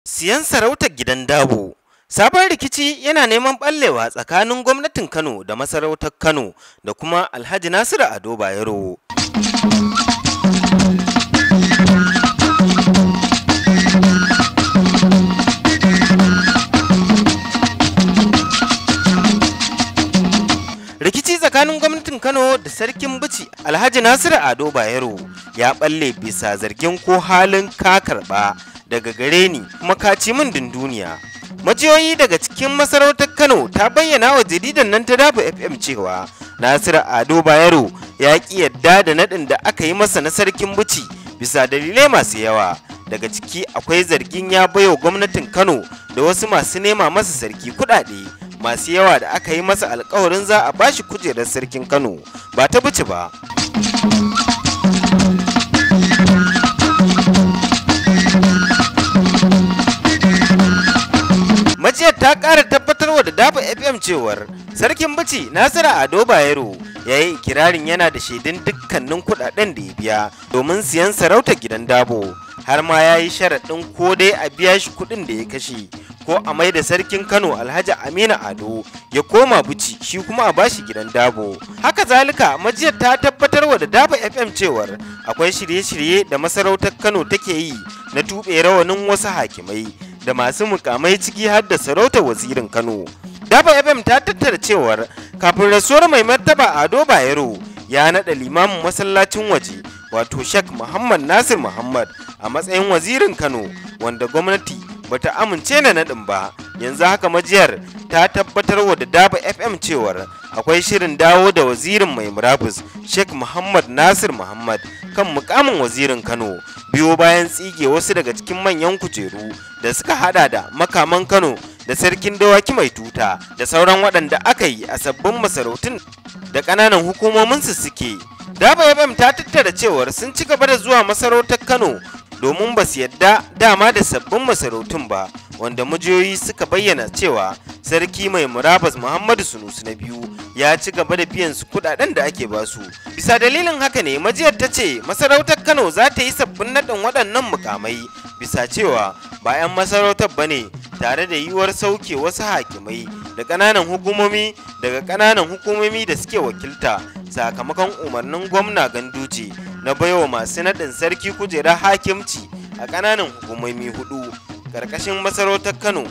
Siyan sarautar gidan Dabo Sabon rikici yana neman ɓallewa tsakanin gwamnatin Kano da masarautar Kano da kuma Alhaji Nasiru Ado Bayero. Rikici tsakanin gwamnatin Kano da sarkin bici Alhaji Nasiru Ado Bayero ya ɓalle bisa zargin ko halin ka karɓa. daga gare ni kuma min dunduniya majiyoyi daga cikin masarautar kano ta bayyana wa jaridan nan ta dafa fm cewa nasiru ado bayero ya ki yadda da naɗin da aka yi masa na sarkin buci bisa dalilai masu yawa daga ciki akwai zargin ya bayo gwamnatin kano da wasu masu nema masa sarki kudade masu yawa da aka yi masa alkawarin za a bashi kujerar sarkin kano ba ta buci ba majiyar ta ƙara tabbatarwa da dafa fm cewar sarkin bici nasiru ado bayero ya yi ikirarin yana da shaidun dukkanin kuɗaɗen da ya biya domin siyan sarautar gidan dabo har ma ya yi sharaɗin ko dai a biya shi kuɗin da ya kashe ko a mai da sarkin kano alhaji amina ado ya koma bici shi kuma a bashi gidan dabo haka zalika majiyar ta tabbatarwa da dafa fm cewar akwai shirye-shirye da masarautar kano take yi na tuɓe rawanin wasu hakimai da masu mukamai ciki har da sarautar wazirin Kano. Daba FM ta tattara cewar kafin rasuwar mai martaba Ado Bayero ya naɗa limamin masallacin waje wato shek Muhammad Nasir Muhammad a matsayin wazirin Kano wanda gwamnati bata amince na naɗin ba yanzu haka majiyar ta tabbatar wa da daba fm cewar akwai shirin dawo da wazirin mai murabus sheikh muhammad nasir muhammad kan mukamin wazirin kano biyo bayan tsige wasu daga cikin manyan kujeru da suka hada da makaman kano da sarkin dawaki mai tuta da sauran waɗanda aka yi a sabbin masarautun da ƙananan hukumominsu suke daba fm ta tattara cewar sun ci gaba da zuwa masarautar kano domin ba su yadda dama da sabbin masarautun ba wanda mujiyoyi suka bayyana cewa sarki mai murabas muhammadu sunusu na biyu ya ci gaba da biyan su kudaden da ake basu bisa dalilin haka ne majiyar ta ce masarautar kano za ta yi sabbin naɗin waɗannan mukamai bisa cewa bayan masarautar ba ne tare da yiwuwar sauke wasu hakimai da ƙananan hukumomi daga ƙananan hukumomi da suke wakilta sakamakon umarnin gwamna ganduje na baiwa masu naɗin sarki kujerar hakimci a ƙananan hukumomi hudu ƙarƙashin masarautar kano